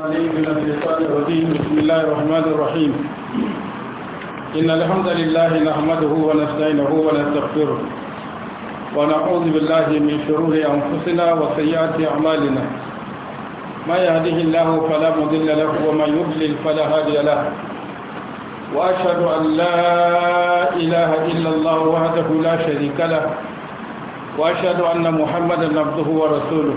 بسم الله الرحمن الرحيم إن الحمد لله نحمده ونستعينه ونستغفره ونعوذ بالله من شرور أنفسنا وسيئات أعمالنا ما يهده الله فلا مضل له ومن يضلل فلا هادي له وأشهد أن لا إله إلا الله وحده لا شريك له وأشهد أن محمدا عبده ورسوله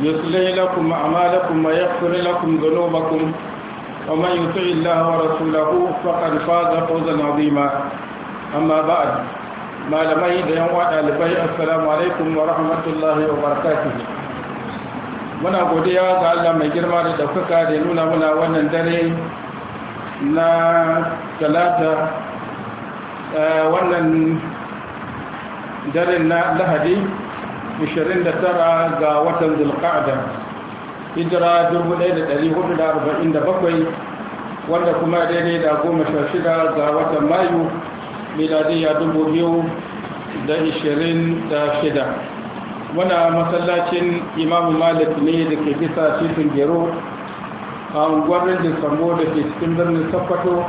يصلح لكم أعمالكم ويغفر لكم ذنوبكم ومن يطع الله ورسوله فقد فاز فوزا عظيما أما بعد ما لمي ديوان ألفي السلام عليكم ورحمة الله وبركاته muna godiya ga Allah mai girma da ɗaukaka da nuna muna wannan dare na talata wannan daren na lahadi 29 ga watan zulqa'da hijira 1447 wanda kuma daidai da 16 ga watan mayu miladiyya 2026 muna masallacin imamu malik ne da ke bisa titin gero a unguwarin da sambo da ke cikin birnin sokoto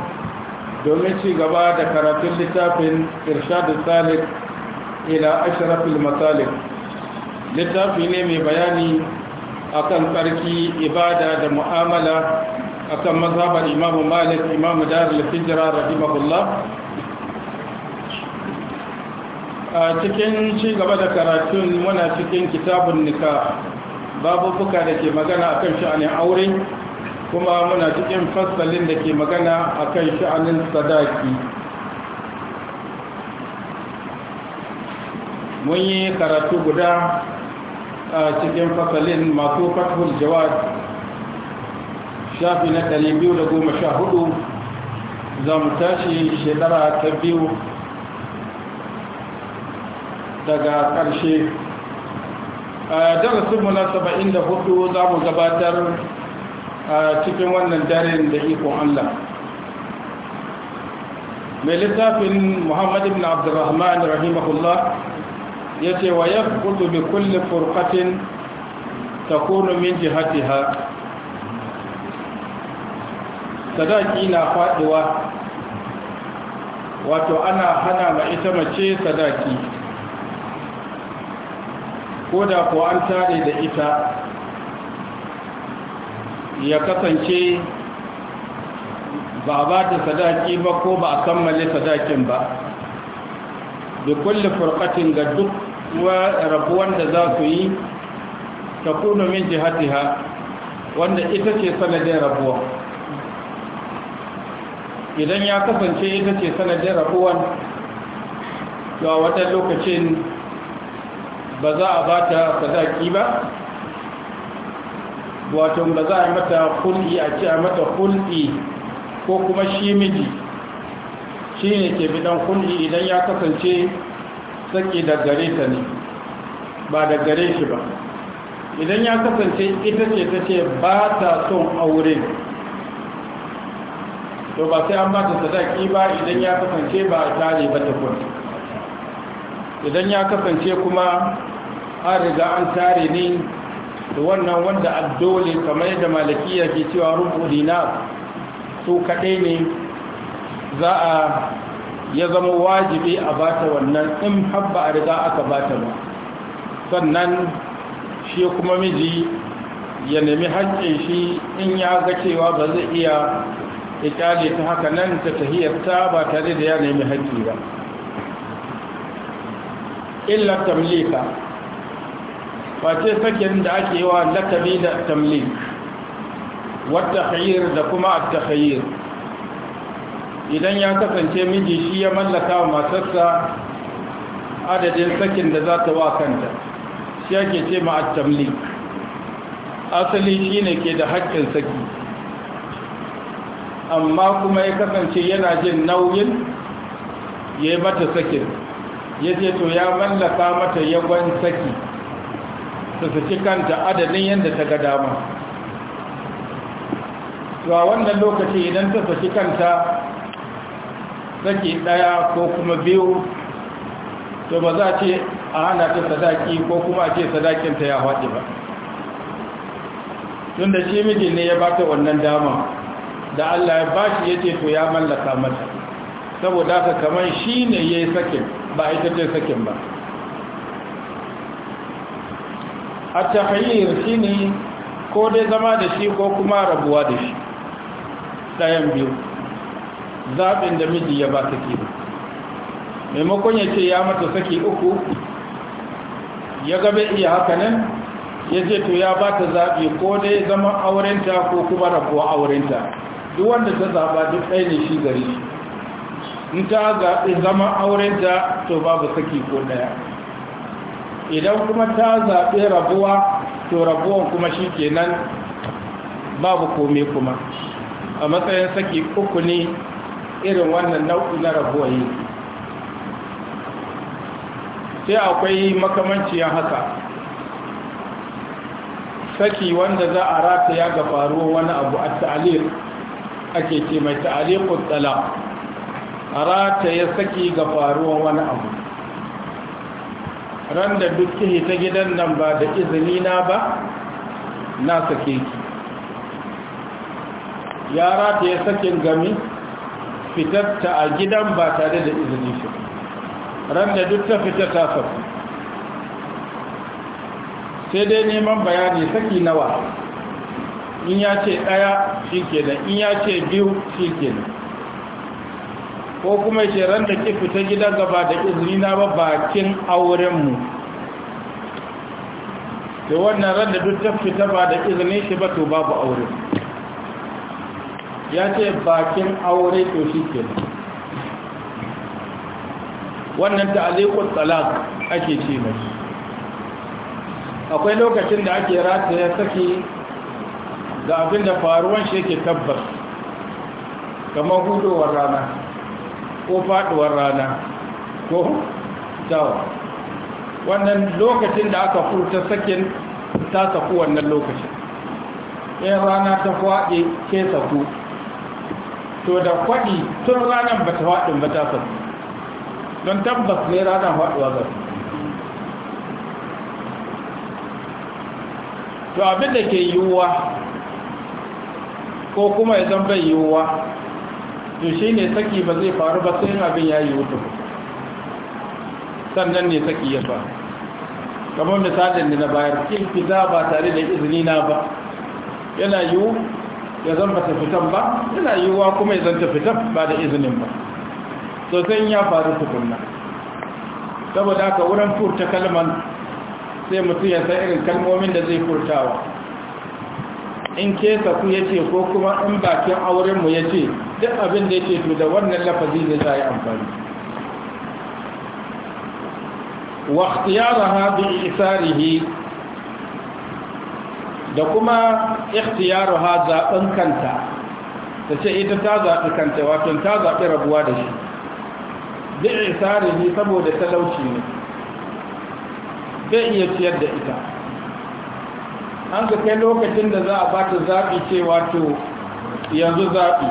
domin ci gaba da karatun littafin irshadu salik ila ashrafil masalik littafi ne mai bayani akan tsarki ibada da mu'amala akan mazhabar imamu malik imamu darul hijra rahimahullah a cikin ci gaba da karatun muna cikin kitabun nika buka da ke magana akan sha'anin aure kuma muna cikin fasalin da ke magana akan sha'anin sadaki mun yi karatu guda A cikin fasalin masu fathul jawad shafi na biyu da goma sha hudu za mu tashi shekara ta biyu daga ƙarshe darasinmu na saba'in da hudu za mu gabatar cikin wannan daren da ikon allah mai littafin muhammad bin abdurrahman rahimahullah yace wa yaqulu bi kulli furqatin takunu min jihatiha sadaki na faduwa wato ana hana ma ita mace sadaki ko da ko an tare da ita ya kasance ba ba ta sadaki ba ko ba a kammale sadakin ba da kulle furkatin ga duk rabuwan da za su yi ta kuno min jihatiha wanda ita ce sanadin rabuwa idan ya kasance ita ce sanadin rabuwan a wata lokacin ba za a ba ta sadaki ba wato ba za a mata hulɗi a ce a mata hulɗi ko kuma shi miji shi ne ke bidan hulɗi idan ya kasance saki da gare ta ne ba da gare shi ba idan ya kasance ita ce ta ce ba ta son aure to ba sai an ba ta sadaki ba idan ya kasance ba a tare ba ta kun idan ya kasance kuma an riga an tare ne da wannan wanda addole kamar yadda malakiya ke cewa rubu dinar su kaɗai ne za a ya zama wajibi a bata wannan in habba a riga aka bata ba sannan shi kuma miji ya nemi haƙƙin shi in ya ga cewa ba zai iya ikali ta haka nan ta tahiyarta ba tare da ya nemi haƙƙi ba illa tamlika face sakin da ake yi wa lakabi da tamlik wata da kuma a idan ya kasance miji shi ya mallaka wa matarsa adadin sakin da za ta wa kanta shi ake ce ma'attamli asali shi ne ke da haƙƙin saki amma kuma ya kasance yana jin nauyin ya yi mata sakin ya ce to ya mallaka mata yawan saki su saki kanta adadin yadda ta ga dama to a wannan lokaci idan ta saki kanta saki ɗaya ko kuma biyu to ba za a ce a hana ta sadaki ko kuma a ce sadakin ta ya haɗe ba tun da shi miji ne ya bata wannan dama da Allah ya bashi ya ce to ya mallaka mata saboda haka kamar shi ne ya yi sakin ba ita ce sakin ba a tahayyar shi ne ko dai zama da shi ko kuma rabuwa da shi ɗayan biyu zaɓin da miji ya ba saki maimakon ya ce ya mata saki uku ya gabe iya haka nan ya ce to ya ba ta zaɓi ko dai zaman aurenta ko kuma rabuwa aurenta duk wanda ta zaɓa duk ɗaya ne shi gari in ta zaɓi zaman aurenta to babu saki ko ɗaya idan kuma ta zaɓi rabuwa to rabuwan kuma shi kenan babu kome kuma a matsayin saki uku ne irin wannan nau'i na rabuwayi sai akwai makamanciyar haka saki wanda za a rataya ga faruwa wani abu a ta'alir ake ce mai ta'alikun tsala a rataya saki ga faruwa wani abu ran da duk kihi ta gidan nan ba da izini na ba na sake ki ya ya sakin gami fitarta a gidan ba tare da izini shi ran da duk ta fita ta sabu sai dai neman bayani saki nawa in ya ce ɗaya shi kenan in ya ce biyu shi kenan ko kuma ce ran da ke fita gidan gaba da izini na ba bakin aurenmu da wannan ran da duk ta fita ba da izini shi ba to babu aurenmu ya ce bakin aure to shi ke wannan ta'alikun talaq ake ce mai akwai lokacin da ake rata ya saki ga abin da faruwan shi yake tabbas kamar hudowar rana ko faduwar rana ko tawa wannan lokacin da aka furta sakin ta saku wannan lokacin in rana ta faɗi ke saku to da kwaɗi tun ranar ba ta faɗin ba ta sauka don tabbas ne ranar faɗuwa ba to abin da ke yiwuwa ko kuma ya zan bai yiwuwa to shi ne saki ba zai faru ba sai abin ya yi ba, sannan ne saki ya faru kamar misalin da na bayar za ba tare da izini na ba yana yiwu ya zan ba ta fitan ba yana yiwuwa kuma ya zan ta fitan ba da izinin ba sosai ya faru tukunna saboda haka wurin furta kalman sai mutum ya san irin kalmomin da zai furtawa in kesa ku ya ko kuma in bakin aurenmu ya ce duk abin da ya ce to da wannan lafazi ne za yi amfani wa ikhtiyaraha bi isarihi da kuma ikhtiyaru ha zaɓin kanta ta ce ita ta zaɓi kanta wato ta zaɓi rabuwa da shi bi ne saboda talauci ne bai iya ciyar da ita an ga kai lokacin da za a ba ta zaɓi ce wato yanzu zaɓi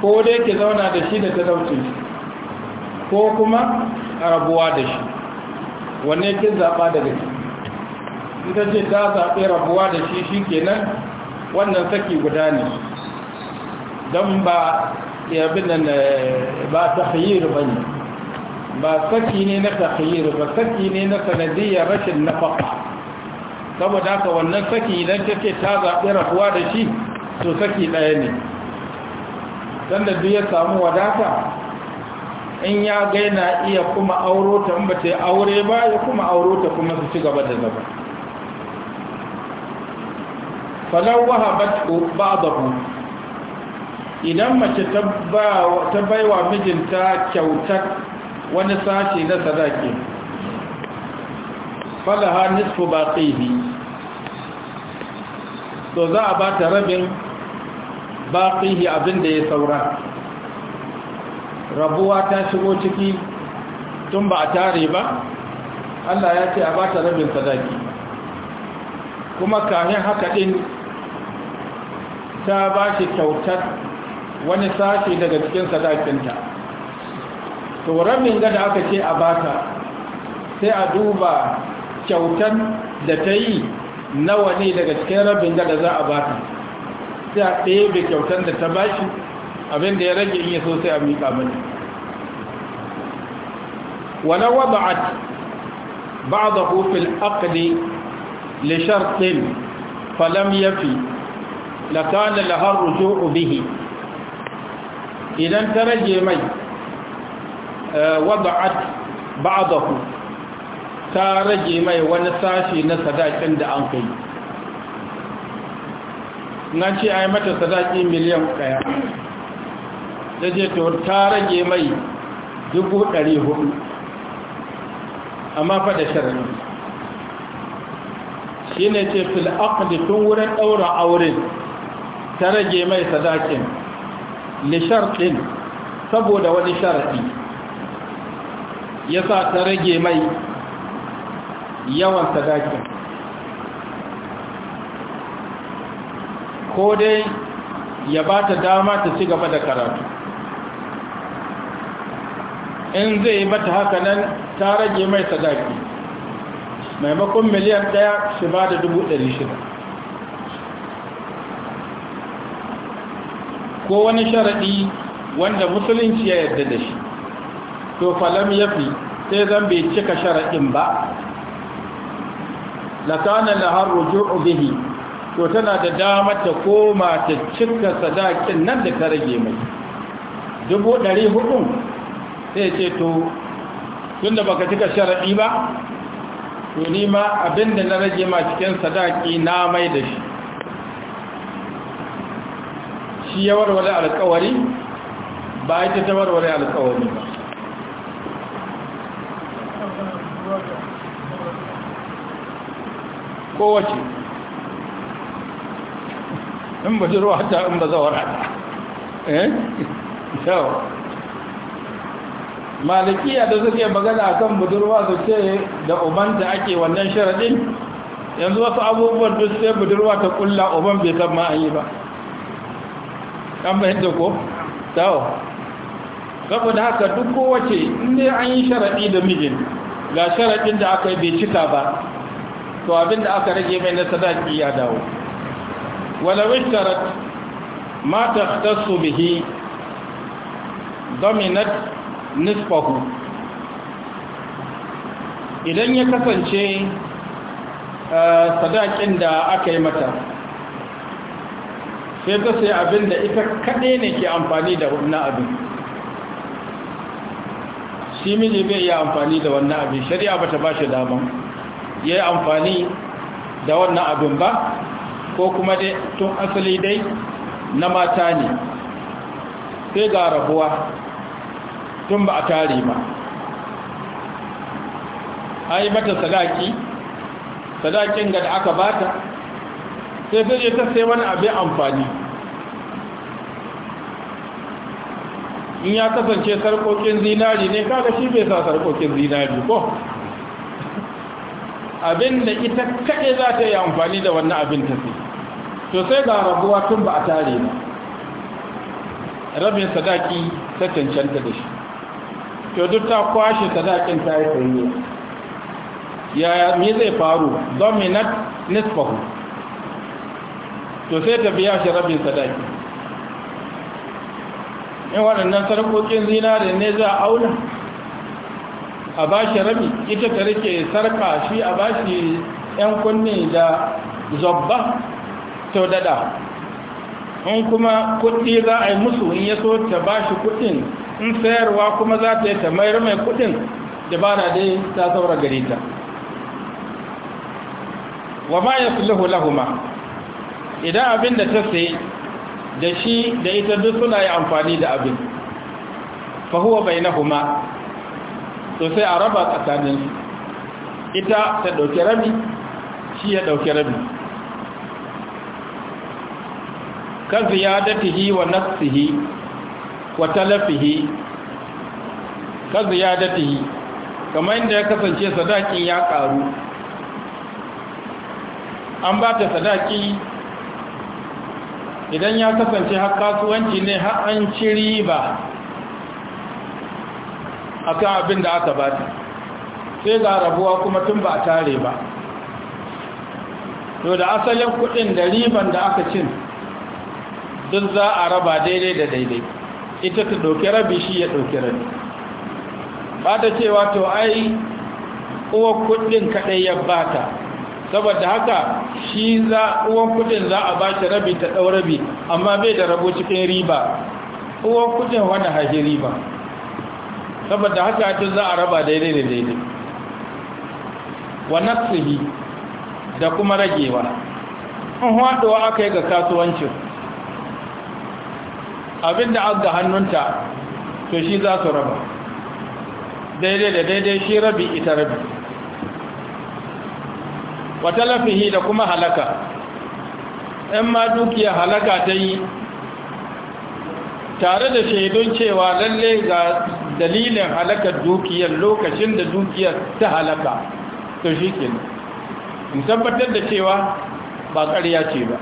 ko dai ke zauna da shi da talauci ko kuma a rabuwa da shi wanne kin zaɓa daga shi ita ce ta zaɓe rabuwa da shi shi kenan wannan saki guda ne don ba yabin nan eh, ba ta hiyar ba ne ba saki ne na ta hiyar ba saki ne na sanadiyya rashin nafaka saboda haka wannan saki idan ta ce ta zaɓe rabuwa da shi to saki ɗaya ne don da ya samu wadata in ya gaina iya kuma auro ta mbace ta aure ba ya kuma auro ta kuma su ci gaba da zaba falau wahabat ku. idan mace ta baiwa mijinta kyautar wani sashi na sadaki falaha nisfu baqihi to za a ba ta rabin baqihi abinda ya saura rabuwa ta shigo ciki tun ba a tare ba Allah ya ce a ba ta rabin sadaki kuma kamin haka din ta ba shi kyautar wani sashi daga cikin sadakinta to rabin ga da aka ce a bata sai a duba kyautar da ta yi nawa ne daga cikin rabin gada za a ta, sai a ɗebe kyautar da ta ba shi abinda ya rage in ya so sai a miƙa mani wani waba'ad ba da hufin akali lishartin falam yafi lakana lahar ruju'u bihi idan ta rage mai wani sashi na sadakin a yi mata sadaki miliyan ɗaya ta ce to ta rage mai dubu ɗari hudu amma faɗa shari'a shi ne ce fil'aƙa tun wurin ɗaura auren ta rage mai sadakin lisharɗin saboda wani sharaɗi ya sa ta rage mai yawan sadakin ko dai ya ba ta dama ta ci gaba da karatu in zai mata haka nan ta rage mai sadaki maimakon miliyan ɗaya shi ba da dubu ɗari shida ko wani sharaɗi wanda musulunci ya yarda da shi to falam yafi sai zan bai cika sharadin ba lakana lahar ruju'u bihi to tana da damar ta koma ta cika sadakin nan da ta rage mai dubu ɗari hudu sai ce to tunda baka cika sharaɗi ba to nima abinda na rage ma cikin sadaki na mai da shi shi ya warware alkawari ba ita ta warware alkawari ba kowace in ba jirwa ta in ba zawara eh yau malikiya da suke magana a kan budurwa su ce da ubanta ake wannan sharaɗin yanzu wasu abubuwan duk sai budurwa ta kulla uban bai san ma'ayi ba an fahimta ko tawo saboda haka duk kowace inda an yi sharaɗi da mijin ga sharaɗin da aka yi bai cika ba to abin da aka rage mai na sadaki ya dawo walawin sharat ma takhtassu bihi dominat nisfahu idan ya kasance eh, sadakin da aka yi mata sai ta sai abin da ita kaɗe ne ke amfani da wannan abin shi miji bai yi amfani da wannan abin shari'a ba ta ba shi daman ya yi amfani da wannan abin ba ko kuma dai tun asali dai na mata ne sai ga rabuwa tun ba a tare ba a yi mata sadaki sadakin ga da aka bata sai sai ta sai wani abin amfani in ya kasance sarkokin zinari ne kaga shi bai sa sarkokin zinari ko abin da ita kaɗe za ta yi amfani da wannan abin ta sai to sai ga rabuwa tun ba a tare ba rabin sadaki ta cancanta da shi to duk ta kwashe sadakin ta yi sayayya yaya me zai faru dominat nisfahu to sai ta biya shi rabin sadaki in waɗannan sarƙoƙin zinari ne za a auna a ba shi rabi ita ta rike sarƙa shi a ba shi 'yan kunne da zobba sau dada in kuma kuɗi za a yi musu in ya so ta ba shi kuɗin in sayarwa kuma za ta yi ta mayar mai kuɗin dabara dai ta saura gari ta wa ma ya fi ma? idan abin da ta sai da shi da ita duk suna yi amfani da abin fahuwa bai na huma to sai a raba tsakanin, ita ta dauki rabi shi ya dauki rabi kan ziyadatihi wa nafsihi wa talafihi ka ziyadatihi kamar inda ya kasance sadakin ya ƙaru an ba ta sadaki idan ya kasance har kasuwanci ne har an ci riba a kan abin da aka ba ta sai ga rabuwa kuma tun ba a tare ba to da asalin kudin da riban da aka cin duk za a raba daidai da daidai ita ta ɗauki rabi shi ya ɗauki rabi ba ta cewa to ai uwa kudin kaɗai ya bata saboda haka shi za uwan kudin za a bashi rabi ta ɗau rabi amma bai da rabo cikin riba uwan kudin wanda haji riba saboda haka tun za a raba daidai da daidai wa nafsihi da kuma ragewa in haɗuwa aka yi ga kasuwancin abinda an ga hannunta to shi za su raba daidai da daidai shi rabi ita rabi watalafihi da kuma halaka 'yan ma dukiya halaka ta yi tare da shaidun cewa lalle ga dalilin halakar dukiyar lokacin da dukiyar ta halaka ta shi ke in tabbatar da cewa ba ƙarya ce ba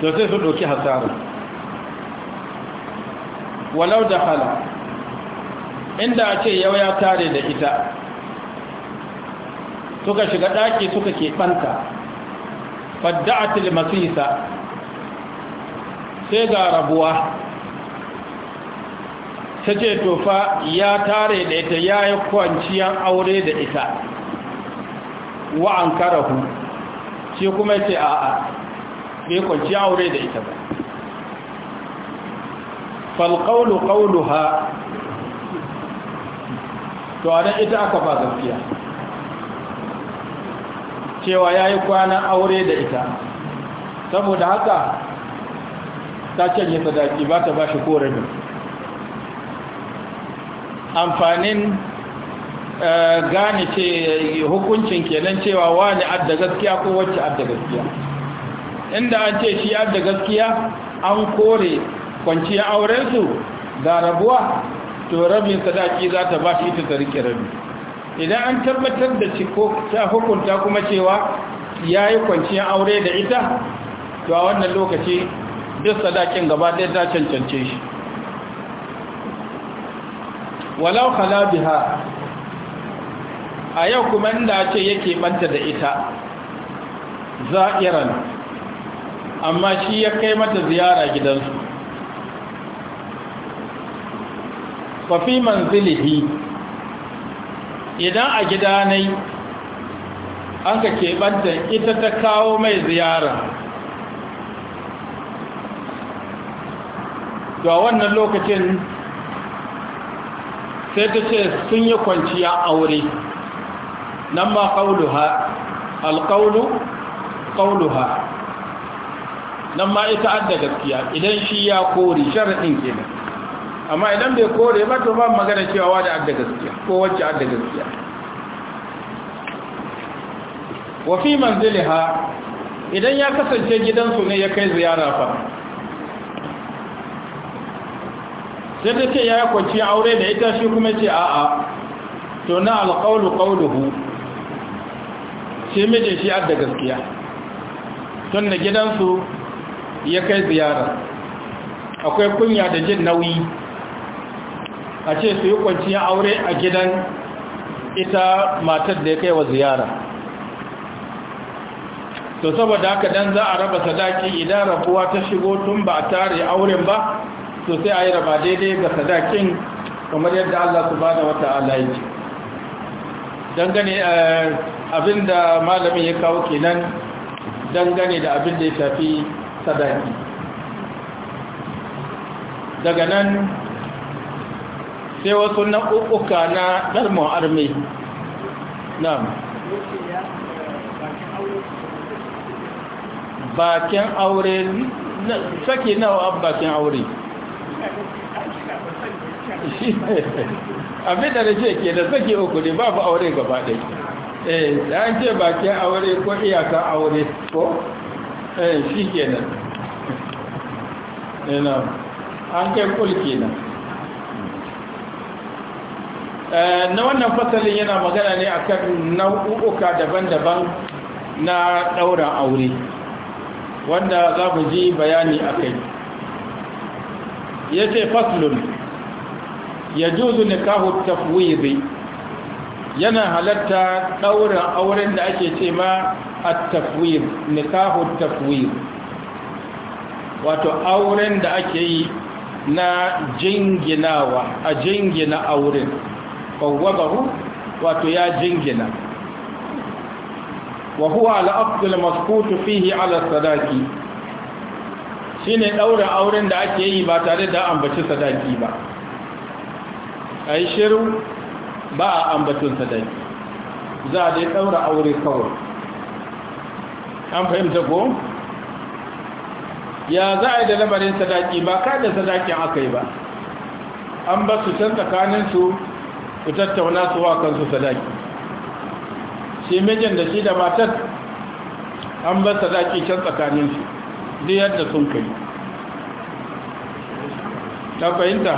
to sai su ɗauki hasara walau da hala inda a ce yau ya tare da ita suka shiga ɗaki suka keɓanta fadda'atul masisa sai ga rabuwa ta ce tofa ya tare da ita ya yi kwanciyar aure da ita wa an karahu shi kuma ce a'a bai kwanciyar aure da ita ba falƙaunu ƙaulu ha to a ita aka ba gaskiya cewa ya yi kwanan aure da ita saboda haka ta canye sadaki ba ta ba shi korami amfanin eh, gane ce hukuncin kenan cewa wani adda gaskiya ko wacce adda gaskiya inda an ce shi adda gaskiya an kore kwanciyar aurensu ga rabuwa to rabin sadaki za ta ba shi ita ta rike rabi idan an tabbatar da ko ta hukunta kuma cewa ya yi kwanciyar aure da ita to a wannan lokaci duk sadakin gaba ɗaya ta cancance shi walau biha a yau kuma inda ce yake manta da ita za'iran amma shi ya kai mata ziyara gidansu fafi manzilihi idan a gida ne an ka keɓanta ita ta kawo mai ziyara da wannan lokacin sai ta ce sun yi kwanciya aure nan ma ƙauluha alƙaunu ƙauluha nan ma ita an da gaskiya idan shi ya kori sharaɗin kenan amma idan bai kore ba to ba magana cewa wani adda gaskiya ko wacce adda gaskiya wa fi manziliha idan ya kasance gidansu ne ya kai ziyara fa sai ta ce ya kwanci aure da ita shi kuma ce a'a to na alƙaunu ƙaunuhu shi mijin shi adda gaskiya tun da gidansu ya kai ziyara akwai kunya da jin nauyi a ce su yi kwanciyar aure a gidan ita matar da ya kai wa ziyara to saboda haka don za a raba sadaki idan rabuwa ta shigo tun ba a tare auren ba to sai a yi raba daidai ga sadakin kamar yadda Allah su subhanahu wata'ala ya gani dangane eh, abinda malamin ya kawo kenan dangane da abin da ya shafi sadaki daga nan sai wasu ƙuƙuka na dalmon armi na bakin aure sake nawa bakin aure abin da ce ke da sake uku ne babu aure gaba ɗai eh da an ce bakin aure ko iyakan aure ko eh shi kenan ina eh, an kai kulki nan Eh, na wannan fasalin yana magana ne akan nau'uka daban-daban na ɗaurin aure wanda za mu ji bayani a kai ya ce faslun ya juzu nikahu tafwizi yana halatta ɗaurin auren da ake ce ma a tafwiz nikahu tafwiz wato auren da ake yi na jinginawa a jingina auren fawwadahu wato ya jingina wa huwa al-aqd al-masqut fihi ala sadaqi shine daura auren da ake yi ba tare da ambaci sadaki ba ai shiru ba a ambatun sadaki za a dai daura aure kawai an fahimta ko ya za a yi da lamarin sadaki ba ka da sadakin aka yi ba an ba su can tsakaninsu su tattauna su wa kansu sadaki shi mijin da shi da matar an ba sadaki can tsakanin shi duk yadda sun kai ta fahimta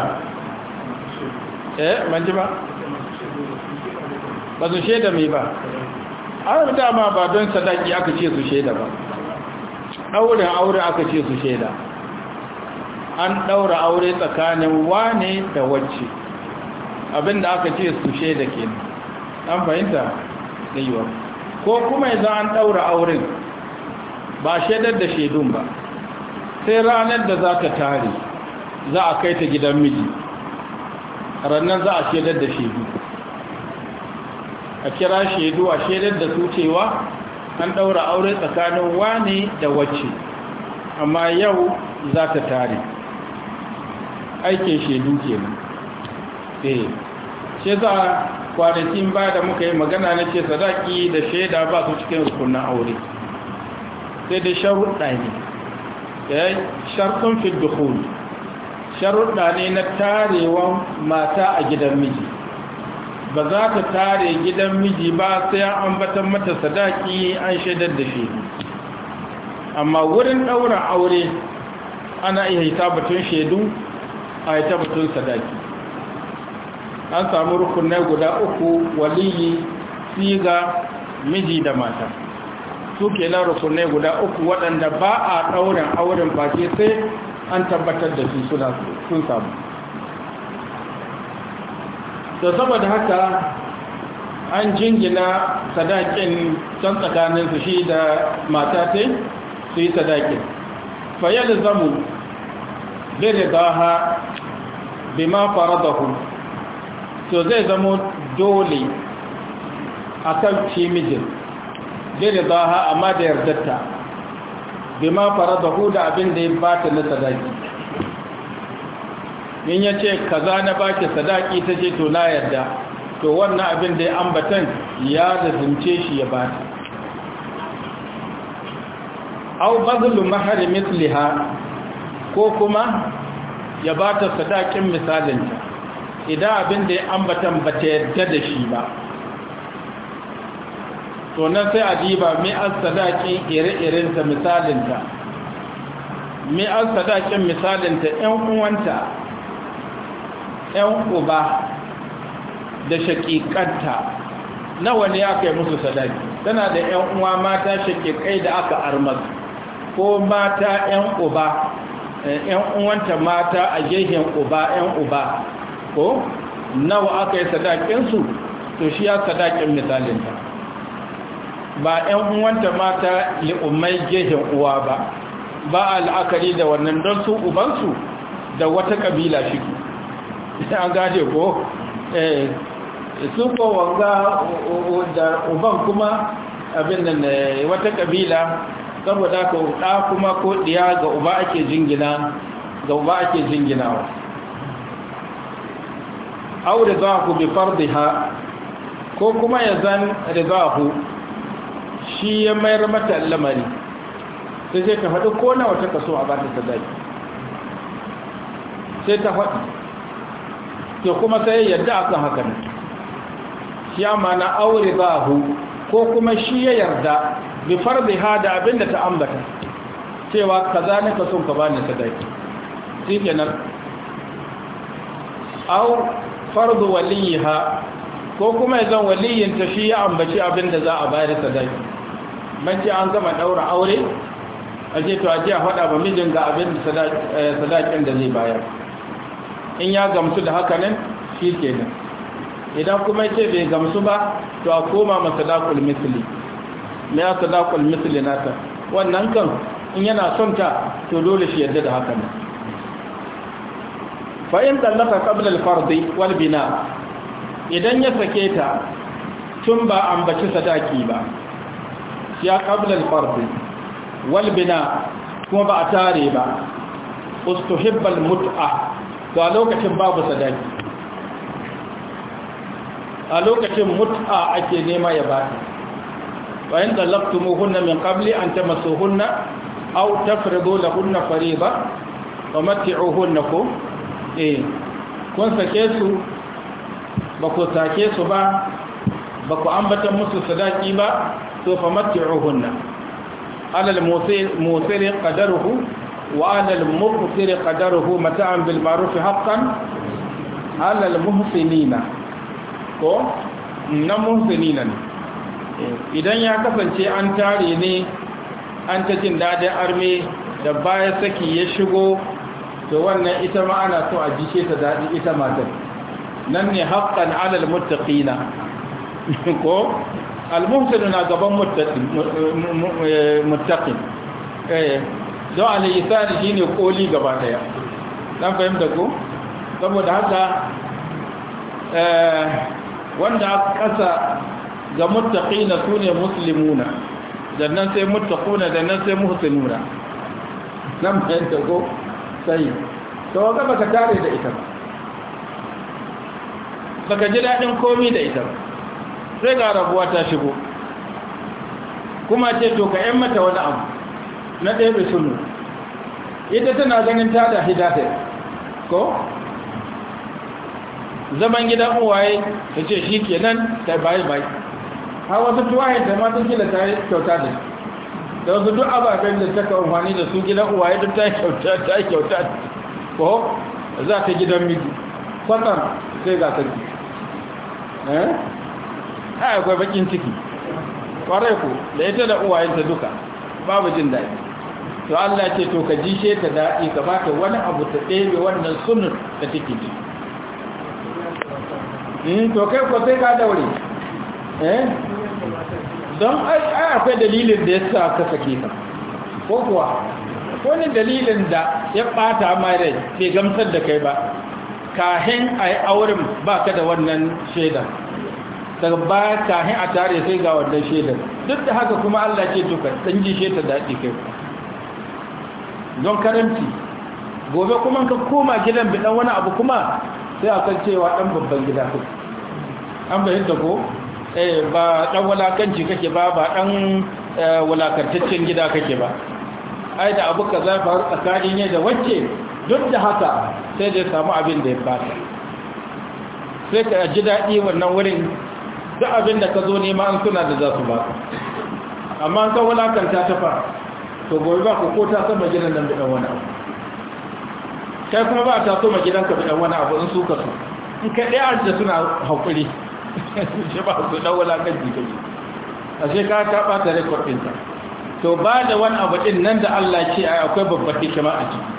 eh manji ba ba su shaida mai ba an dama ba don sadaki aka ce su shaida ba aure aure aka ce su shaida an ɗaura aure tsakanin wane da wacce Abin da aka ce su shaida kenan an fahimta tsayuwa ko kuma za an ɗaura auren ba shaidar da shaidun ba sai ranar da za ta tare za a kai ta gidan miji ranar za a shaidar da shaidu a kira shaidu a shaidar da su cewa an ɗaura auren tsakanin wani da wacce amma yau za ta tare aikin shaidu kenan eh shi za kwanakin ba da muka yi magana na ce sadaki da shaida ba su cikin rukunan aure sai da sharuɗa ne eh shartun fi sharuɗa ne na tarewan mata a gidan miji ba za ta tare gidan miji ba sai an ambatan mata sadaki an shaidar da shi amma wurin ɗaurin aure ana iya yi tabbatun shaidu a yi tabbatun sadaki an samu rukunai guda uku waliyi siga miji da mata su nan rukunai guda uku waɗanda ba a ɗaurin auren face sai an tabbatar da su sun samu da saboda haka an jingina sadakin can tsakanin su shi da mata sai su yi sadakin fayyar zamu ma ribaha da faradahu to zai zama dole a kan ci mijin da zaha amma da yardarta bima fara da huda abin da ya bata na sadaki in ya ce kaza na baki sadaki ta ce to na yarda to wannan abin da ya ambatan ya zazunce shi ya bata au bazulu mahari misliha ko kuma ya bata sadakin misalinta idan abin da ya ambatan ba ta yadda da shi ba to nan sai a diba mai an sadakin ire misalin misalinta mai an sadakin misalinta 'yan uwanta 'yan uba da shaƙiƙanta nawa ne aka yi musu sadaki tana da 'yan uwa mata shaƙiƙai da aka armas, ko mata 'yan uba eh, 'yan uwanta mata a gehen uba 'yan uba ko nawa aka yi sadakinsu to shi ya sadakin misalinta ba 'yan uwanta mata li'ummai gehen uwa ba ba a la'akari da wannan don su ubansu da wata kabila shi an gaje ko eh, su ko wanga da uban kuma abin nan eh, wata kabila saboda ka ɗa kuma ko ɗiya ga uba ake jingina ga uba ake jinginawa au ku bi ha ko kuma ya zan ku shi ya mayar mata lamari sai sai ta faɗi ko nawa ta kaso a bata sadaki sai ta faɗi ke kuma sai yadda akan hakan shi ya mana aure za ku ko kuma shi ya yarda bi ha da abinda ta ambata cewa kaza ne ka son ka bani sadaki shikenan au fardu ha, ko kuma ya zan waliyin ta shi ya ambaci abin da za a bayar sadaki man ce an gama daura aure a ce to a ce a faɗa ba mijin ga abin eh, sadakin da zai bayar in ya gamsu da haka nan shi kenan idan kuma ce bai gamsu ba to a koma ma sadakul misli me ya sadakul misli nata wannan kan in yana son ta to dole shi yadda da haka nan fa in dallaka qabla al-fardi wal idan ya sake ta tun ba an ambaci sadaki ba ya qabla al-fardi wal kuma ba a tare ba ustuhibbal mut'a to a lokacin babu sadaki a lokacin mut'a ake nema ya ba wa in dallaqtumuhunna min qabli an ta tamassuhunna aw tafridu lahunna fariida wa matti'uhunna ko. eh kun sake su ba ku sake su ba ba ku ambatan musu sadaki ba to fa matti'uhunna alal musiri qadaruhu wa alal muqsiri qadaruhu mata'an bil ma'ruf haqqan alal muhsinina ko na muhsinina ne eh, idan ya kasance an tare ne an ta jin dadin arme da baya saki ya shigo to wannan ita ma ana so a jishe ta daɗi ita matar nan ne haƙƙan alal muttaqina ko almuhsinu na gaban muttaqin eh, eh don shi ne koli gaba ɗaya. dan fahimta ko saboda haka eh wanda aka kasa ga muttaqina sune muslimuna dan nan sai muttaquna dan nan sai muhsinuna dan fahimta ko sai ga baka tare da ita ba baka ji daɗin komi da ita ba sai ga rabuwa ta shigo kuma ce to ka ‘yan mata wani abu na ɗaya bai sunu ita tana ganin ta da hidatai ko zaman gidan uwaye ta ce shi kenan ta bayi bayi har wasu tuwaye, ta matan kila ta yi kyauta da shi da wasu duk ababen da ta amfani da su gidan uwaye duk ta kyauta ta kyauta ko za ta gidan miji kwatsam sai ta sarki eh ai akwai bakin ciki kwarai ku da ita da uwayenta duka babu jin daɗi to Allah ce to ka jishe ta daɗi ka ta wani abu ta ɗebe wannan sunan da take ji eh, to kai ko sai ka daure eh don ai akwai dalilin da ya sa ka sake ka ko kuwa wani dalilin da ya bata mai rai bai gamsar da kai ba kahin a yi auren ba ka da wannan shaidar daga ba kahin a tare sai ga wannan shaidar duk da haka kuma allah ce duka ɗan ji da daɗi kai don karamci gobe kuma ka koma gidan bidan wani abu kuma sai a kan cewa ɗan babban gida an bayyanta ko Eh, ba dan walakanci kake ba ba dan eh, walakantaccen gida kake ba ai da abu kaza faru tsakanin yadda wacce duk da haka sai da samu abin da ya fata. sai ka ji daɗi wannan wurin duk abin da ka zo nema an suna da za su ba amma ka wulakanta ta fa to gobe ba ku ko ta sama gidan nan da wani abu kai kuma ba ta so ma gidanka da wani abu in su ka so in kai ɗaya da suna haƙuri shi ba su dan wulakanci a ashe ka ka bata record din ta to ba da wani abu din nan da Allah ce akwai babbar hikima a ciki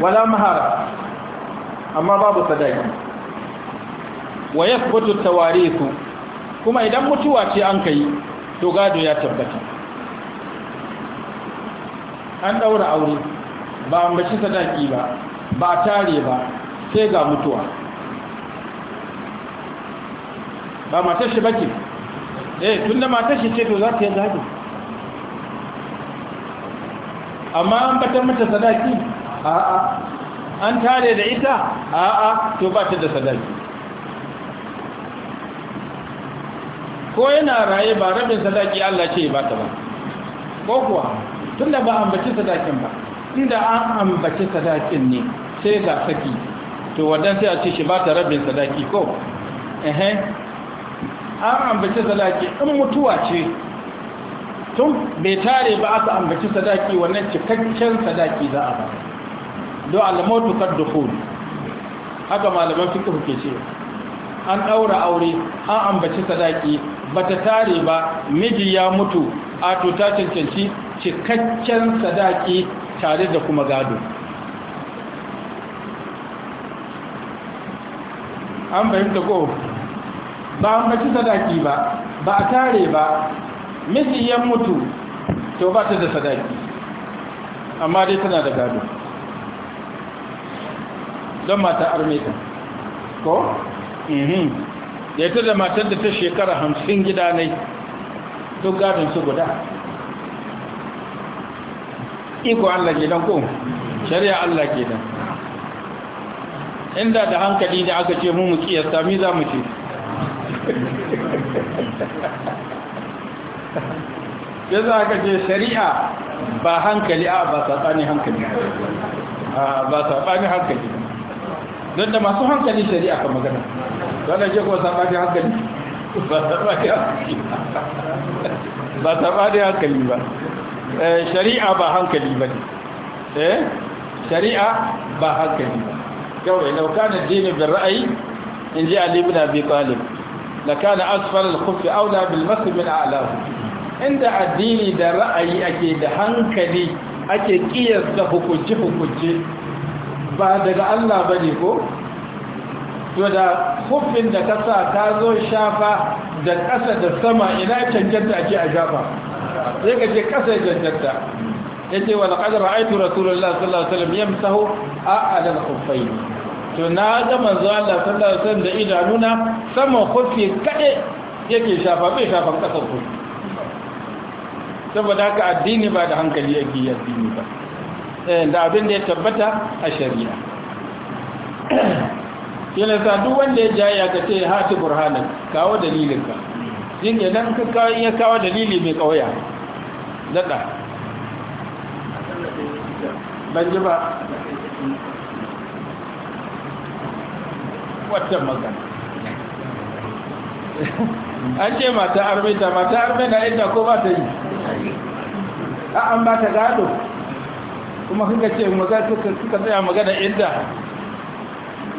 wala mahara amma babu sadaki wa yathbutu tawarithu kuma idan mutuwa ce an kai to gado ya tabbata an daura aure ba ambaci sadaki ba ba tare ba sai ga mutuwa ba matar shi bace eh tunda matar shi ce to za ta yi zaɓi amma an batar mata sadaki a. an tare da ita a to ba ta da sadaki ko yana raye ba rabin sadaki Allah ce ba ta ba ko kuwa tunda ba ambaci sadakin ba inda an ambaci sadakin ne sai ga saki to wadan sai a ce shi ba ta rabin sadaki ko ehe an ambaci sadaki in mutuwa ce tun bai tare ba aka ambaci sadaki wannan cikakken sadaki za a ba don alamotu kar dukhul haka malaman fiqh ke ce an daura aure an ambaci sadaki ba ta tare ba miji ya mutu a to ta cancanci cikakken sadaki tare da kuma gado an fahimta ko ba an baci sadaki ba ba a tare ba miji ya mutu to ba ta da sadaki amma dai tana da gado don mata armeta ko? mhm da ita da matar da ta shekara hamsin gida ne duk gadon su guda iko Allah ke don ko shari'a Allah ke don inda da hankali ne aka ce mu mu kiyasta mi za mu ce ya za ka ce shari'a ba hankali a ba saɓani hankali ba saɓani hankali don da masu hankali shari'a kan magana don da ke ko saɓani hankali ba saɓani hankali ba ba eh, shari'a ba hankali ba ne eh, shari'a ba hankali ba kawai laukanin dini bin ra'ayi in ji alibina bi talib lakana asfal al-khuffi aula bil masjid a'lahu inda addini da ra'ayi ake da hankali ake kiyasta hukunci hukunci ba daga Allah bane ko to da huffin da kasa ta zo shafa da ƙasa da sama ina cancanta ake a shafa sai ka ce ƙasa cancanta ya ce wa laƙadar aitu rasulullah sallallahu alaihi wasallam yamsahu a alal huffai to na ga manzo Allah sallallahu alaihi wasallam da idanuna sama kofi kade yake shafa bai shafan kasar ku saboda haka addini ba da hankali yake yi addini ba eh da abin da ya tabbata a shari'a yana sa duk wanda ya jaya ka ce hati burhanan kawo dalilinka yin idan ka kawo ya kawo dalili mai kauya daɗa ban ji ba wacan magana an ce mata armita mata armita inda ko ba ta yi a an ba ta gado kuma kuka ce suka tsaya magana inda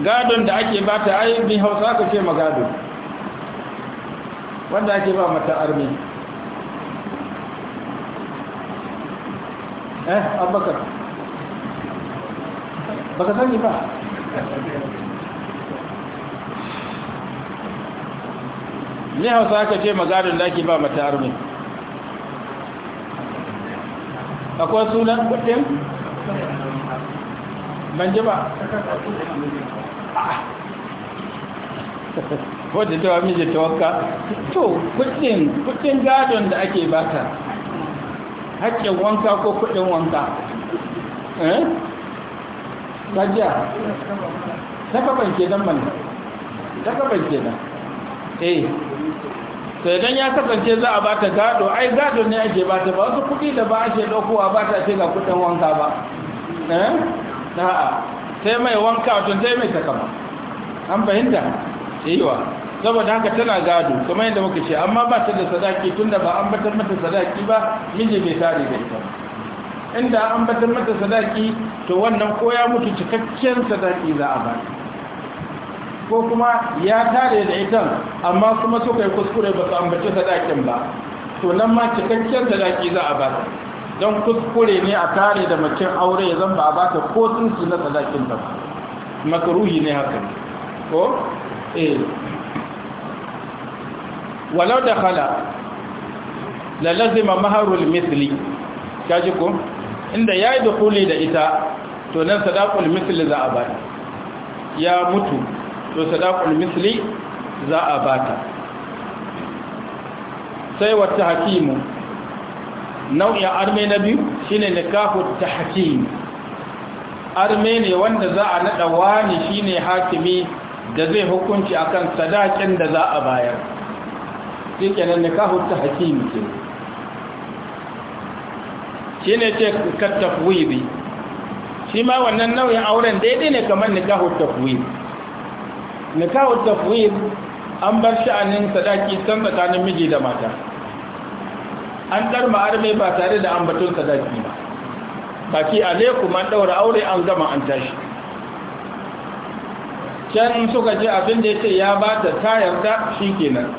gadon da ake ba ta bi hausa ka ce magado wanda ake ba mata armi eh abubakar baka sani ba ne hausa aka ce magadon da ake ba mata armi akwai sunan kudin ban ji ba wadda ta wami da tawaka to kudin kudin gadon da ake bata haƙƙin wanka ko kudin wanka eh? gajiya sakaban ke nan man sakaban ke nan eh to idan ya kasance za a ba ta gado ai gado ne ake ba ta ba wasu kuɗi da ba ake a ba ta ce ga kuɗin wanka ba eh sai mai wanka wato sai mai takama an fahimta yiwa saboda haka tana gado kuma yadda muka ce amma ba ta da sadaki tun da ba an batar mata sadaki ba miji bai tare da ita inda an batar mata sadaki to wannan ko ya mutu cikakken sadaki za a ba ta ko kuma ya tare da ita amma kuma suka yi kuskure ba su ambaci sadakin ba to nan ma cikakken sadaki za a ba ta, don kuskure ne a tare da macin aure ya zama a ba ta ko tunsu na sadakin ba makaruhi ne haka ko eh walau da khala la lazima maharul misli kaji ko inda yayi dukuli da ita to nan sadaqul misli za a ba ya mutu to sadaqul misli za a bata sai wata hakimu nau'in arme na biyu shine nikahu Hakimu. arme ne wanda za a naɗa wani shine hakimi da zai hukunci akan sadakin da za a bayar shike nan ta Hakimu ke shine ce ka tafwidi shi ma wannan nau'in auren daidai ne kamar nikahu tafwidi nikahut tafwid an bar sha'anin sadaki san tsakanin miji da mata an darma arme ba tare da ambaton sadaki ba baki alaikum an daura aure an gama an tashi can suka ce abin da yake ya bata ta yarda shikenan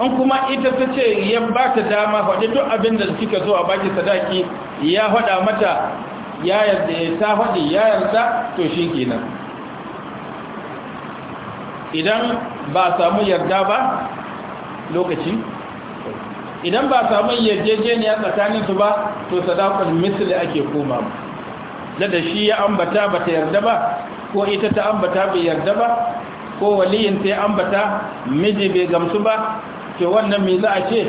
an kuma ita ta ce ya ba ta dama faɗi duk abin da suke zuwa a baki sadaki ya faɗa mata ya yarda ta faɗi ya yarda to shi kenan idan ba a samu yarda ba lokaci idan ba a samu yarjejeniya tsakanin su ba to sadaqul misli ake koma da da shi ya ambata bata yarda ba ko ita ta ambata bai yarda ba ko waliyin ta ambata miji bai gamsu ba to wannan mai za a ce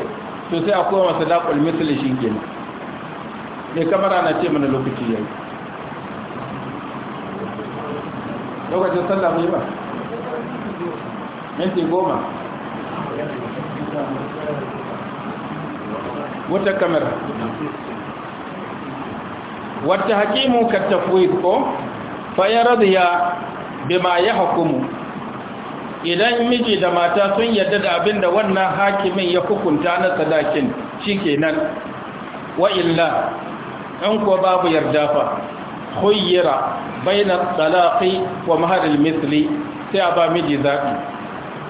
to sai a koma sadaqul misli shi kenan ne kamar na ce mana lokaci yayi lokacin sallah yi ba minti goma wata kamera wata hakimu ka tafwid ko ya bima ya hukumu idan miji da mata sun yadda da abin da wannan hakimin ya hukunta na sadakin shikenan wa illa in kuwa babu yarda fa khuyyira baina talaqi wa mahar al-mithli sai a ba miji zabi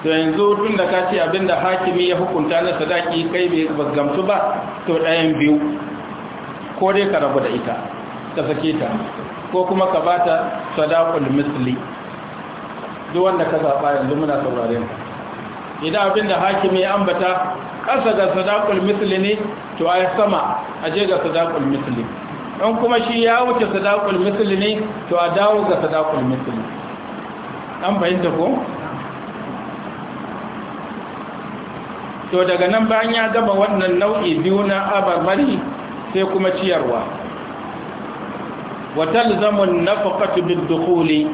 to yanzu tun da ka ce abinda hakimi ya hukunta na sadaki kai bai gamsu ba to ɗayan biyu ko dai ka rabu da ita ka sake ta ko kuma ka ba ta sadakul misli duk wanda ka zaɓa yanzu muna sauraren idan abinda hakimi ya ambata ƙasa ga sadakul misli ne to a sama a je ga sadakul misli in kuma shi ya wuce sadakul misli ne to a dawo ga sadakul misli an fahimta ko to daga nan bayan ya gama wannan nau'i biyu na abarmari sai kuma ciyarwa watal zamun na faƙatu dukuli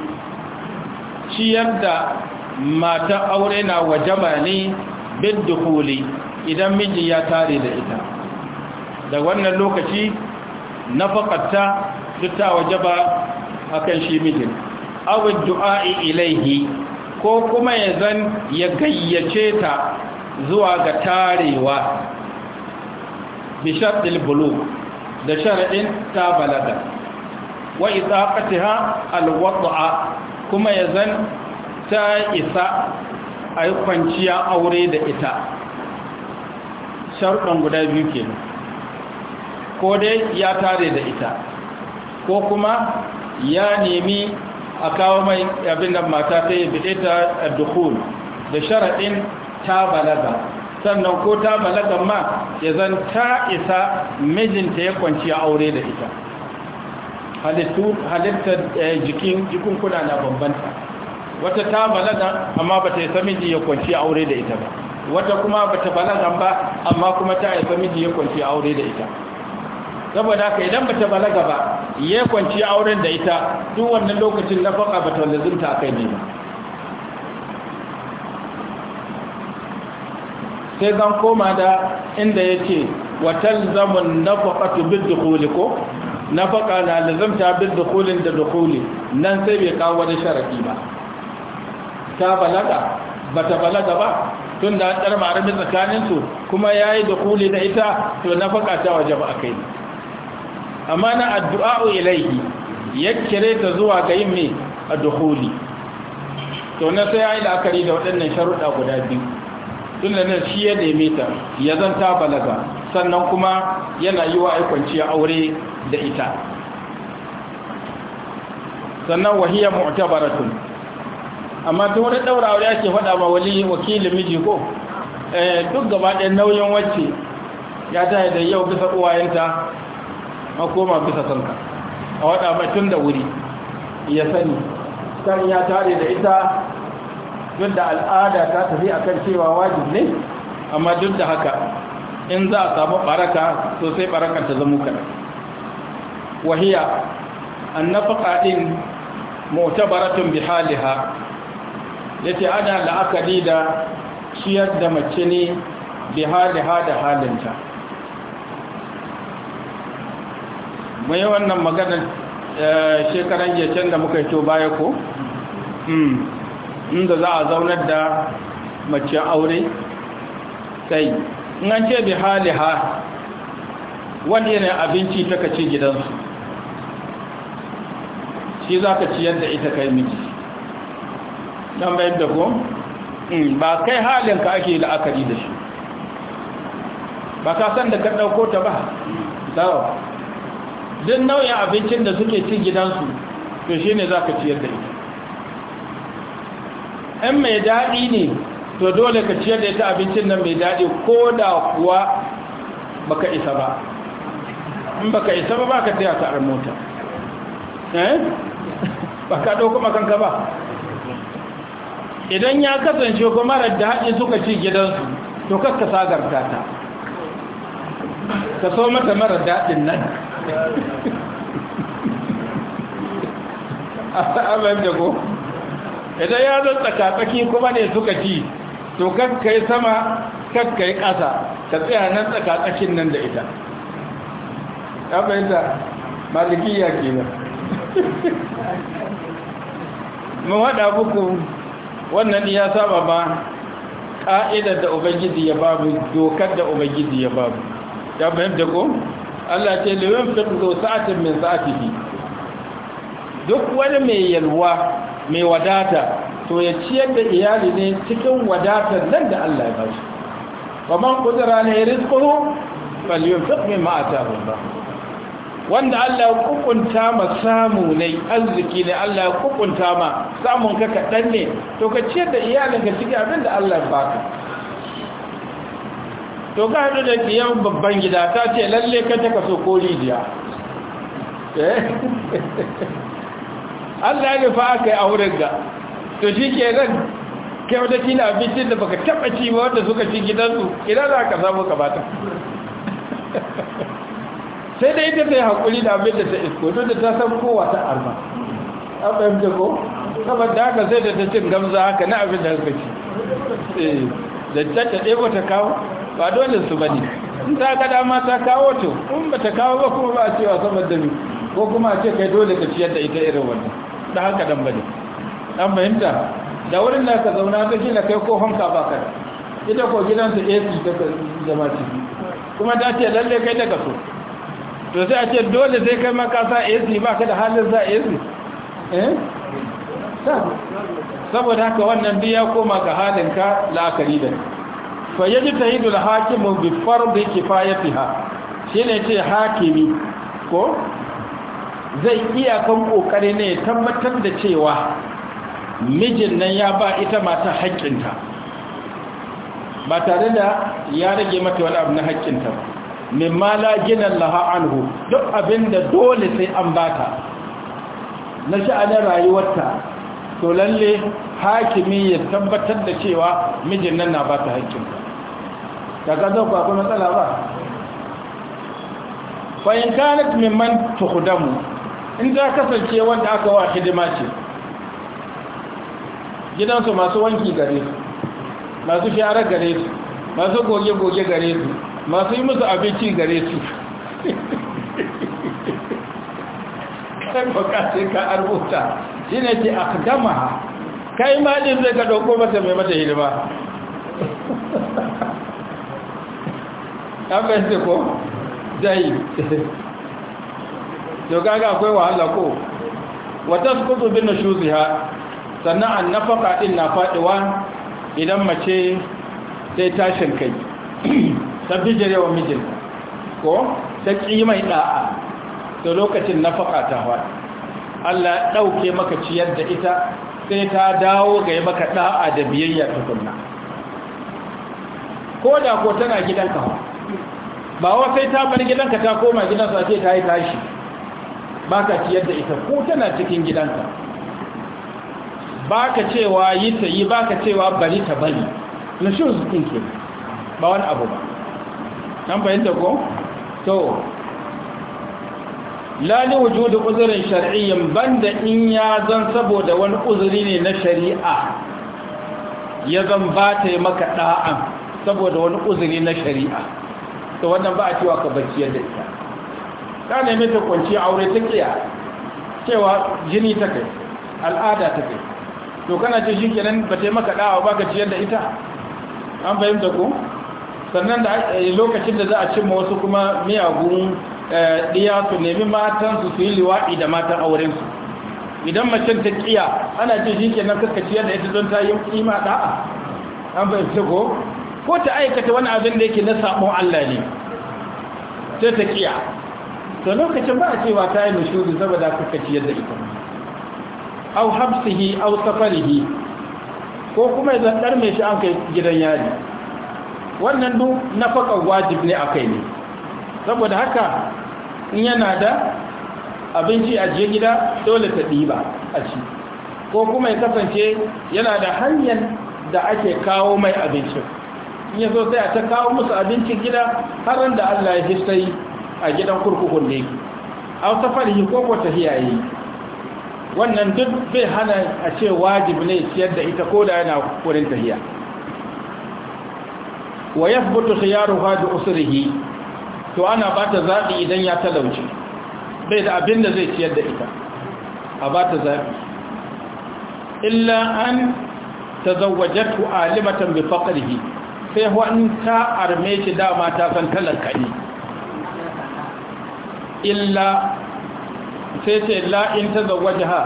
ciyar da mata aure na wajaba ne dukuli idan miji ya tare da ita da wannan lokaci na faƙatta duk ta wajaba a kan shi mijin awon du'a'i ilaihi ko kuma ya zan ya gayyace ta zuwa ga tarewa bishar dilbulu da sharaɗin ta balaga wa ha alwad'a kuma ya zan ta isa a yi kwanciya aure da ita sharɗin guda biyu ke ko dai ya tare da ita ko kuma ya nemi a kawo mai abin da mata ta yi biɗe ta da sharaɗin ta balaga sannan ko ta balaga ma ya zan ta isa mijinta ya kwanci ya aure da ita halitta eh, jikin kuna na bambanta wata ta balaga amma ba ta isa miji ya kwanci ya aure da ita ba wata kuma ba ta balaga ba amma kuma ta isa miji ya kwanci ya aure da ita saboda haka idan ba ta balaga ba ya kwanci auren da ita duk wannan lokacin na faka ba ta zinta a kai ne ba sai zan koma da inda yake watan zamun na faƙatu bin dukuli ko na faƙa na lazamta bin dukulin da dukuli nan sai bai kawo wani sharafi ba ta balaga ba ta balaga ba tun da an ɗarma tsakaninsu kuma ya yi dukuli na ita to na faka ta waje ba a kai amma na addu'a'u ilaihi ya kire ta zuwa ga yin mai a dukuli to na sai ya yi la'akari da waɗannan sharuɗa guda biyu tunda nan shi ya neme ta ya zanta balaga sannan kuma yana yi wa aikwanci aure da ita sannan wahiyar mu'tabaratun amma ta wani ɗaura aure ake faɗa ma wali wakilin miji ko eh, duk gaba ɗaya nauyin wacce ya ta da yau bisa uwayenta a koma bisa sanka a waɗa tun da wuri ya sani kan ya tare da ita duk da al'ada ta tafi akan cewa wajib ne amma duk da haka in za a samu baraka sosai barakar ta zama kana wahiya annafaqa mota mu'tabaratun bi Ya ce, ana la'akari da ciyar da mace ne bi da halinta mai wannan maganar eh, shekaran jecen da muka yi to baya ko? Hmm. inda za a zaunar da mace aure sai in an ce bi haliha wani irin abinci ta kace gidansu shi za ka ciyar da ita kai miji don bayan da ku hmm, ba kai halin ka ake la'akari da shi ba ka san da ka ɗauko ta ba zawo duk nau'in abincin da suke ci gidansu to shi ne za ka ciyar da ita in mai daɗi ne to dole ka ciyar da ita abincin nan mai daɗi ko da kuwa baka isa ba in baka isa ba ba ka taya ta mota eh ba ka ɗauka makanka ba idan ya kasance ko marar daɗi suka ci gidansu to ka sagarta ta ka so mata marar daɗin nan a sa'abar da ko idan ya zan tsakatsaki kuma ne suka ci to kakka yi sama kakka yi ƙasa ka tsaya nan tsakatsakin nan da ita ya fahimta malikiya ke nan mun haɗa buku wannan ya saba ba ƙa'idar da ubangiji ya babu dokar da ubangiji ya babu ya fahimta ko Allah ce liwin fi zo sa'atin min sa'atihi duk wani mai yalwa mai wadata to ya ciyar da iyali ne cikin wadatar nan da Allah ya ba shi kuma kudura ne rizquhu falyunfiq mimma ataahu Allah wanda Allah ya kukunta ma samu ne arziki ne Allah ya kukunta ma samun ka kaɗan ne to ka ciyar da ka cikin abin da Allah ya baka to ka haɗu da ɗiyan babban gida ta ce lalle ka ta kaso ko rijiya eh? Allah ne fa aka yi auren ga to shi ke nan kai wata kila abincin da baka taba ci ba wanda suka ci gidansu idan za ka samu kamata sai da ita ta yi haƙuri da abin da ta isko don da ta san kowa ta arma an fahimta ko saboda haka sai da ta cin gamza haka na abin da suka ci eh, da ta ɗaya ta kawo ba dole su ba ne in ta ga dama ta kawo to in ba ta kawo ba kuma ba a cewa saboda ne ko kuma a ce kai dole ka ciyar da ita irin wannan da haka dan bane an fahimta da wurin da ka zauna ta na kai ko hanka ba ka ita ko gidan su AC da zama ciki kuma da ce lalle kai daga so to sai a ce dole sai kai ma ka sa AC ba ka da halin sa AC eh saboda haka wannan ko ya koma ga ka la'akari da fa yaji tahidul hakimu bi fardhi kifayatiha shine ce hakimi ko zai iya iyakan kokari ne tabbatar da cewa mijin nan ya ba ita mata haƙƙinta ba tare da ya rage mata wani abu na haƙƙinta ba ma la gina laha anhu duk abinda dole sai an bata na sha'anin rayuwarta to lalle hakimi ya tabbatar da cewa mijin nan na bata haƙƙinta ka zau ba matsala ba fahimta na mimman tuhudamu in ta kasance wanda aka wa hidima ce gidansu masu wanki gare su masu shara gare su masu goge-goge gare su masu yi musu abinci gare su kan ce ka arbuta shi ne ke akadama kai maɗin zai ka ɗauko mata mai mata hidima an bai ko zai to kaga akwai wahala ko wata sukutu bin ha, sannan an nafaka din na faɗiwa idan mace sai tashin kai sabbi yawan mijin ko ta mai da'a to lokacin nafaka ta fa Allah ɗauke maka ciyar da ita sai ta dawo ga yi maka da'a da biyayya tukunna ko da ko tana gidanka ba wa sai ta bar gidanka ta koma gidansa ce ta yi tashi ba ka ciyar da ita ko tana cikin gidanka ba ka cewa yi ta yi ba ka cewa bari ta bari na shi zukin ke ba wani abu ba an fahimta ko? to lali wujudu uzurin shar'iyyin banda in ya zan saboda wani uzuri ne na shari'a ya zan ba ta yi maka ɗa'an saboda wani uzuri na shari'a to wannan ba a cewa ka baciyar da ita ta neme ta kwanci aure ta kiya cewa jini ta kai al'ada ta kai to kana ce shi kenan ba ta maka dawa ba ka ciyar da ita an fahimta ku. sannan da eh, lokacin da za a cimma wasu kuma miyagun eh, ɗiya su nemi matansu su yi liwaɗi da matan aurensu idan macen ta kiya ana ce shi kenan kaskaciyar da ita don ta yi kima ɗa'a. an fahimta ku. ko ta aikata wani abin da yake na sabon Allah ne sai ta kiya to lokacin ba a cewa ta yi mashuru saboda kuka ciyar da ita au habsihi au safarihi ko kuma ya zantar mai shi an kai gidan yari wannan duk na fakar wajib ne a kai ne saboda haka in yana da abinci a je gida dole ta ɗiba a ci ko kuma ya kasance yana da hanyar da ake kawo mai abincin in ya sosai a ta kawo musu abincin gida har da Allah ya hisai a gidan kurkukun ne a safari ko ko tafiya yi wannan duk bai hana a ce wajibi ne ciyar da ita ko da yana wurin tahiya. wa ya yathbutu khiyaruha bi usrihi to ana ba ta zabi idan ya talauci bai da abin da zai ciyar da ita a ba ta zabi illa an tazawwajatu alimatan bi faqrihi sai wani ta arme shi dama ta san talaka ne illa sai ce la'in ta zawaja ha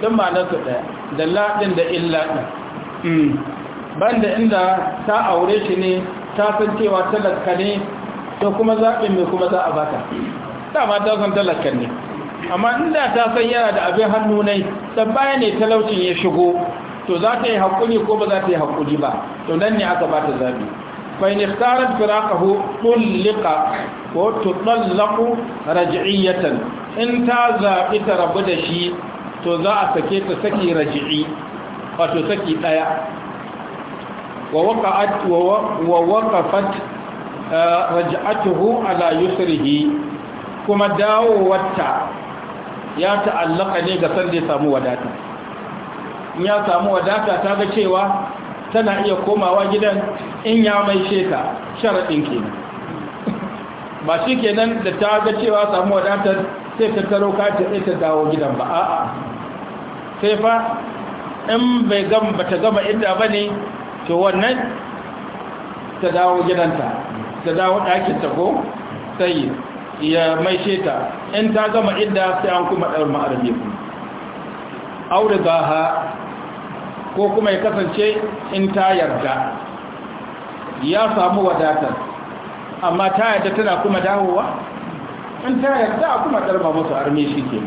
don su ɗaya da la'in da illa ɗin hmm. banda inda ta aure shi ne ta san cewa talaka ne to kuma zaɓin mai kuma za a bata ma ta san talaka ne amma inda ta san yana da abin hannu ne dan baya ne talaucin ya shigo to za ta yi haƙuri ko ba za ta yi haƙuri ba to nan ne aka bata zaɓi فإن اختارت فراقه طلق وتطلق رجعية إن تازا إتربد شيء تزاء سكيت سكي رجعي وتسكي تايا ووقعت ووقفت رجعته على يسره كما داو وتا يا تعلق ne ga sanda samu wadata ya samu wadata ta ga cewa tana iya komawa gidan in ya mai sheta sharaɗin kenan ba shi kenan da ta ga cewa samu wadatar sai ta taro kati sai ta dawo gidan ba a'a sai fa in bai gama ba ta gama inda ba ne to wannan ta dawo gidanta ta dawo ɗakinta ko sai ya mai sheta in ta gama inda sai an kuma ɗaur ma'arabi ku aure ba ha ko kuma ya kasance in ta yarda ya samu wadatar amma ta yarda tana kuma dawowa in ta yarda kuma darba musu armi shi ke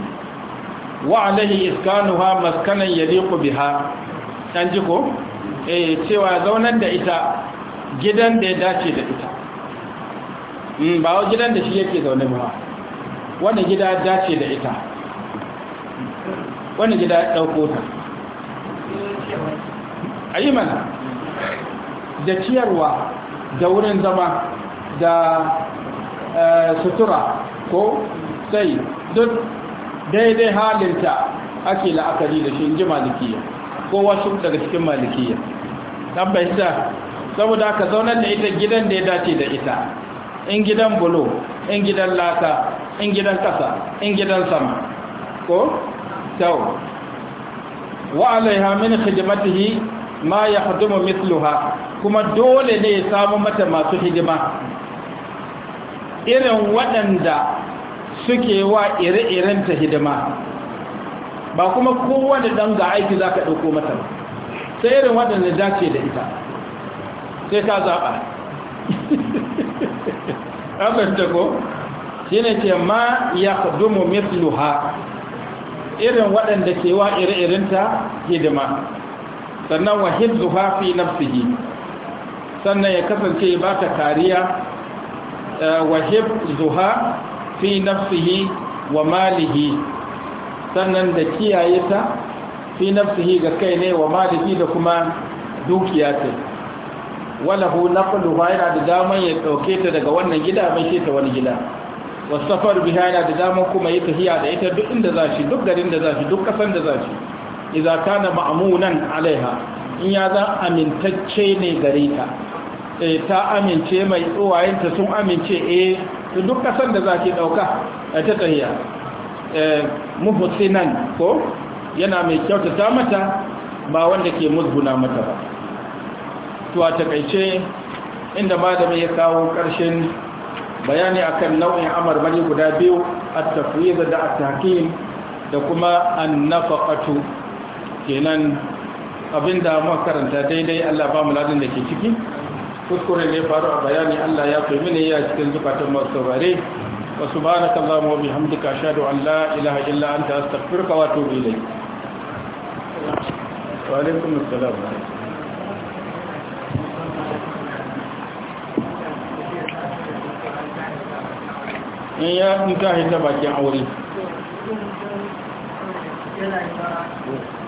wa alaihi iskanuha maskanan yaliqu biha dan jiko eh cewa zaunar da ita gidan da ya dace da ita hmm, ba wa gidan da shi yake zaune ba wannan gida dace da ita wannan gida ɗauko ta a mana da ciyarwa da wurin zama da eh, sutura ko sai duk daidai halinta ake la'akari da shi inji malikiya ko wasu daga cikin malikiya tabbaita saboda ka zaunar da ita gidan da ya dace da ita in gidan bulo in gidan lata in gidan kasa in gidan sama ko tau wa alaiha min khidmatihi ma ya hadumu misluha kuma dole ne ya samu mata masu hidima irin waɗanda suke wa ire-iren ta hidima ba kuma kowane ɗan ga aiki za ka ɗauko mata sai irin waɗanda dace da ita sai ka zaɓa abin ta ko shi ne ke ma ya hadumu misluha irin waɗanda ke wa ire irenta hidima sannan wa hifzuha fi nafsihi sannan ya kasance ba ta kariya eh, wa hifzuha fi nafsihi wa malihi sannan da kiyaye ta fi nafsihi ga kai ne wa malihi da kuma dukiya ce wala hu naqluha yana da daman ya dauke ta daga wannan gida mai shi ta wani gida wasu biha yana da daman kuma ya tafiya da ita duk inda za shi duk garin da za shi duk kasan da za shi iza kana ma'amunan alaiha in ya za amintacce ne gare ta ta amince mai uwayenta sun amince eh to duk kasan da zaki dauka ta tahiya eh ko yana mai kyautata mata ba wanda ke muzguna mata ba to a takeice inda malami ya kawo karshen bayani akan nau'in amarmari guda biyu at-tafwid da at-tahkim da kuma an-nafaqatu kenan abinda makaranta daidai Allah ba mu ladin da ke ciki kuskure ne faru a bayani Allah ya fi mini ya cikin zukatan masu saurare wa subhanaka allahumma wa bihamdika ashhadu an la ilaha illa anta astaghfiruka wa atubu ilayk wa alaikum assalam in ya in ta bakin aure Thank you.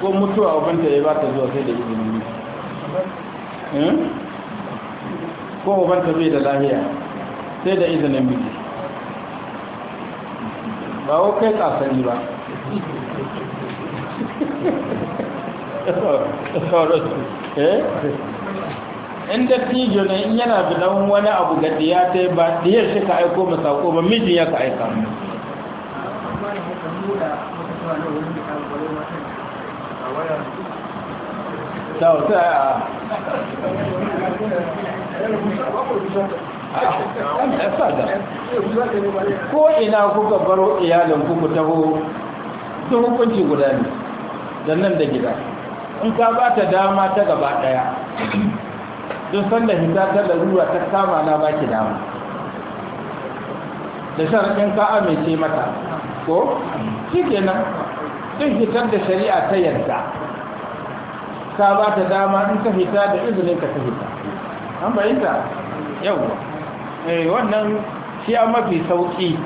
ko mutuwa ubanta ya ba ta zuwa sai da izinin miji eh? ko ubanta bai da lahiya sai da izinin miji ba wa kai kasani ba in dattijo ne in yana bidan wani abu ga diya ta ba diyar shi ka aiko masa ko ba mijin ya ka aika mu ko ina kuka baro iyalin kuku taho sun hukunci guda ne da nan da gida in ka ba ta dama ta gaba daya in da hita ta larura ta kama na baki dama da sharaɗin ka amince mata ko shi nan in fitar da shari'a ta yarda ka ba ta dama in ta fita da izinin ka ta fita an bayyanta yau eh, wannan shi a mafi sauki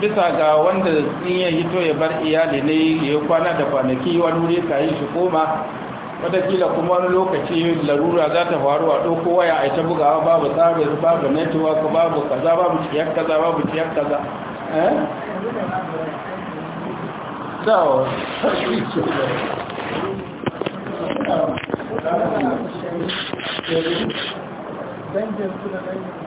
bisa ga wanda in ya hito ya bar iyali ne ya kwana da kwanaki wani wuri ka yi shi koma watakila kuma wani lokaci larura za ta faru a ɗauko waya a ita bugawa babu tsarin babu network babu kaza babu ciyar kaza babu ciyar kaza eh? Thank you.